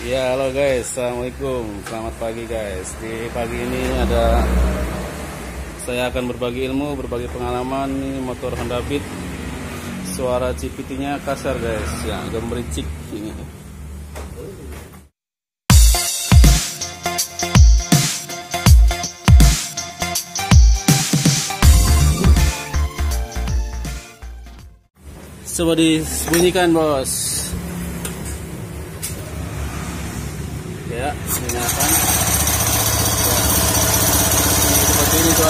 Ya halo guys, Assalamualaikum Selamat pagi guys Di pagi ini ada Saya akan berbagi ilmu, berbagi pengalaman Ini motor Honda Beat Suara CVT-nya kasar guys Ya agak ini. Coba disembunyikan bos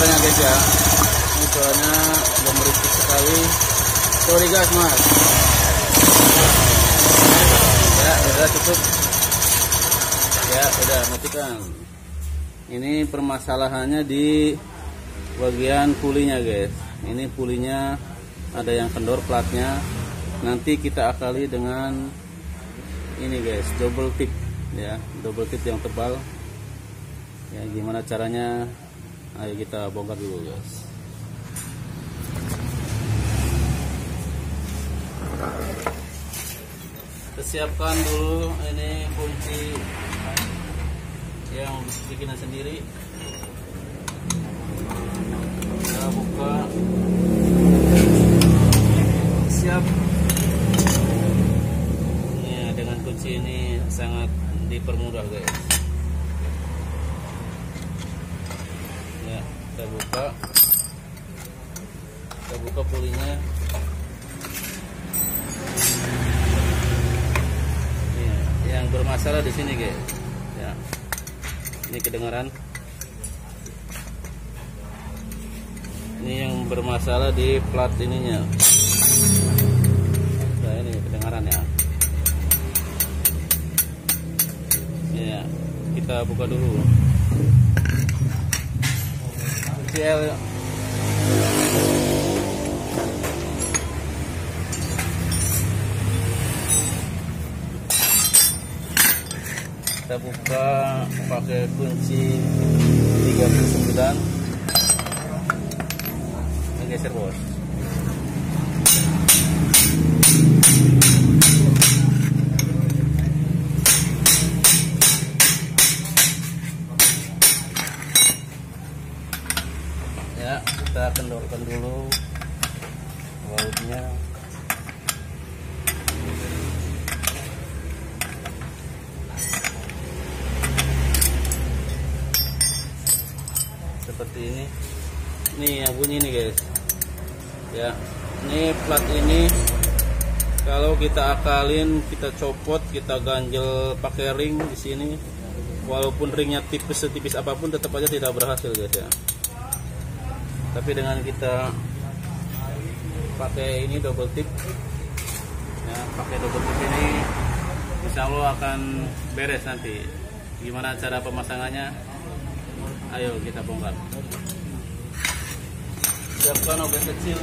suaranya guys ya ini suaranya belum berisik sekali sorry guys mas ya udah cukup ya udah matikan ini permasalahannya di bagian pulinya guys ini pulinya ada yang kendor platnya nanti kita akali dengan ini guys double tip ya double tip yang tebal ya gimana caranya ayo kita bongkar dulu guys kita siapkan dulu ini kunci yang bikinnya sendiri kita buka siap ya dengan kunci ini sangat dipermudah guys buka kita buka pulinya ini iya, yang bermasalah di sini guys ya ini kedengaran ini yang bermasalah di plat ininya nah ini kedengaran ya ya kita buka dulu kita buka pakai kunci 39 ini geser bos seperti ini ini yang bunyi nih guys ya ini plat ini kalau kita akalin kita copot kita ganjel pakai ring di sini walaupun ringnya tipis setipis apapun tetap aja tidak berhasil guys ya tapi dengan kita pakai ini double tip ya pakai double tip ini insya Allah akan beres nanti gimana cara pemasangannya Ayo kita bongkar. Siapkan obeng kecil.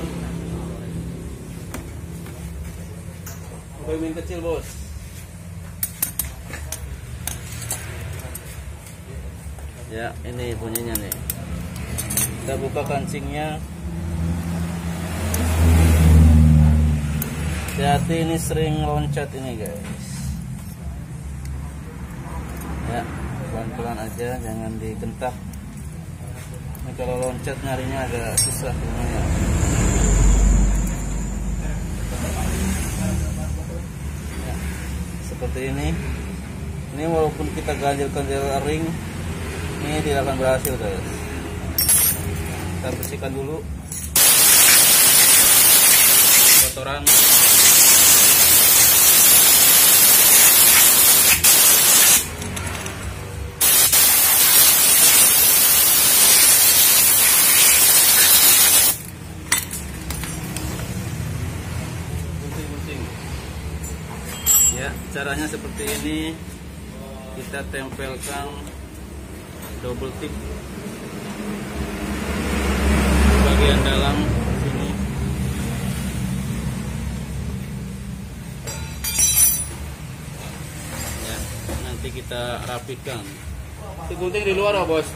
Obeng kecil bos. Ya ini bunyinya nih. Kita buka kancingnya. Hati-hati ini sering loncat ini guys. Ya pelan-pelan aja jangan dikentak kalau loncat nyarinya agak susah lumayan ya, seperti ini ini walaupun kita ganjil-ganjil ring ini tidak akan berhasil guys kita bersihkan dulu kotoran caranya seperti ini kita tempelkan double tip bagian dalam sini ya nanti kita rapikan digunting di luar ya bos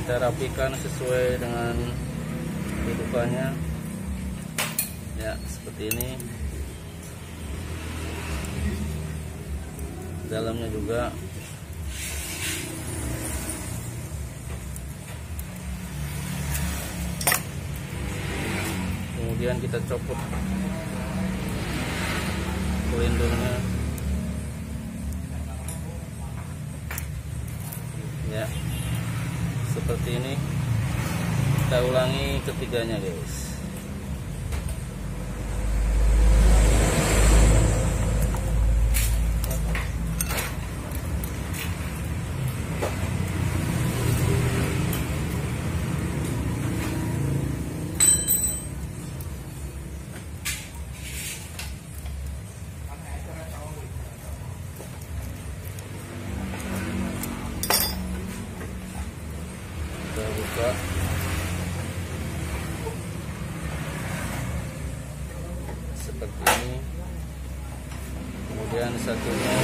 kita rapikan sesuai dengan kehidupannya ya seperti ini dalamnya juga kemudian kita copot pelindungnya ya yeah seperti ini kita ulangi ketiganya guys seperti ini kemudian satunya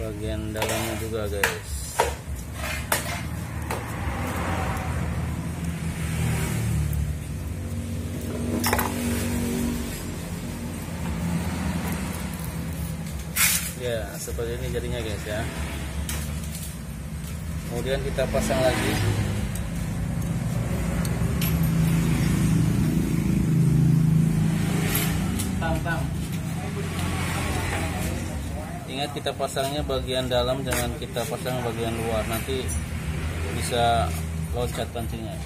bagian dalamnya juga guys ya seperti ini jadinya guys ya kemudian kita pasang lagi ingat kita pasangnya bagian dalam jangan kita pasang bagian luar nanti bisa loncat pancingnya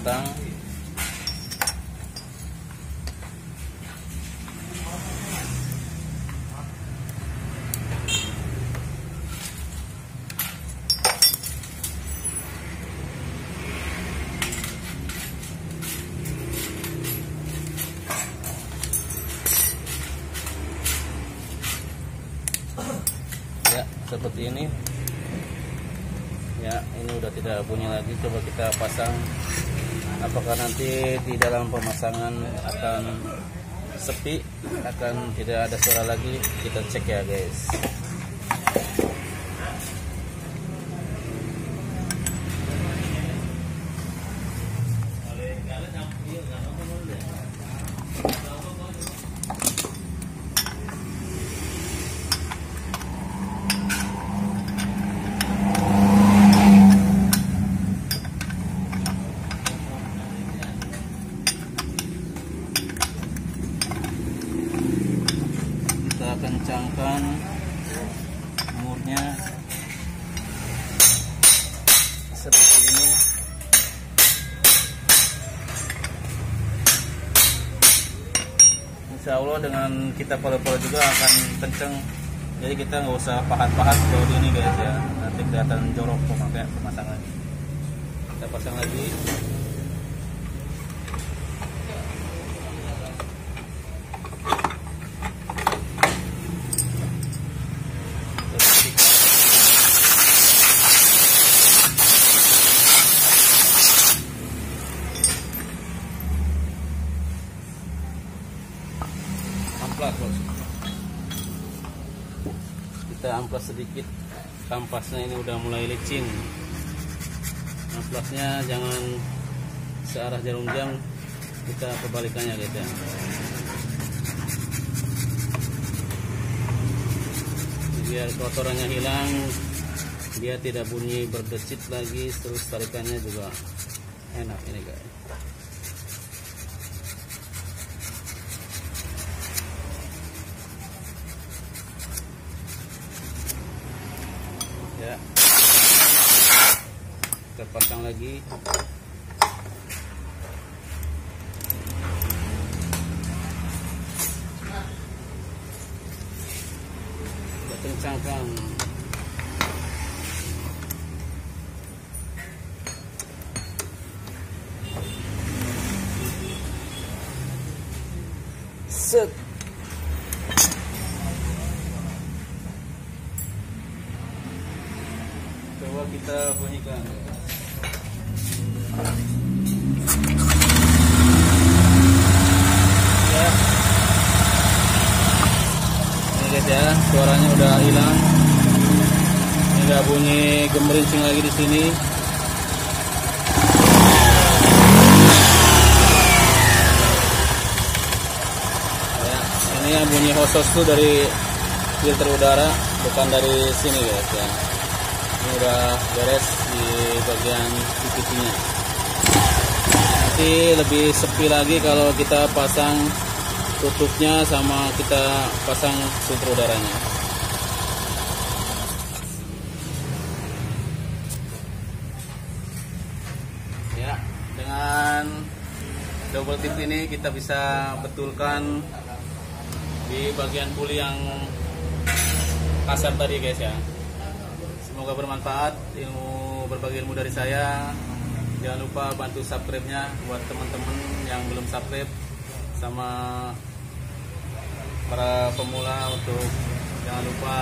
matang ya, seperti ini ya ini udah tidak bunyi lagi coba kita pasang apakah nanti di dalam pemasangan akan sepi akan tidak ada suara lagi kita cek ya guys insya Allah dengan kita polo-polo juga akan kenceng jadi kita nggak usah pahat-pahat jauh ini guys ya nanti kelihatan jorok pemakaian pemasangan kita pasang lagi amplas sedikit kampasnya ini udah mulai licin amplasnya jangan searah jarum jam kita kebalikannya guys ya biar kotorannya hilang dia tidak bunyi berdecit lagi terus tarikannya juga enak ini guys lagi batang cangkang set coba kita bunyikan suaranya udah hilang ini udah bunyi gemerincing lagi di sini ya, ini yang bunyi hosos tuh dari filter udara bukan dari sini guys ya ini udah beres di bagian pipinya nanti lebih sepi lagi kalau kita pasang tutupnya sama kita pasang filter udaranya double tip ini kita bisa betulkan di bagian puli yang kasar tadi guys ya semoga bermanfaat ilmu berbagi ilmu dari saya jangan lupa bantu subscribe nya buat teman-teman yang belum subscribe sama para pemula untuk jangan lupa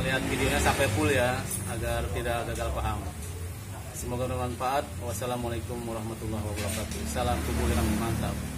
melihat videonya sampai full ya agar tidak gagal paham Semoga bermanfaat. Wassalamualaikum warahmatullahi wabarakatuh. Salam tubuh yang mantap.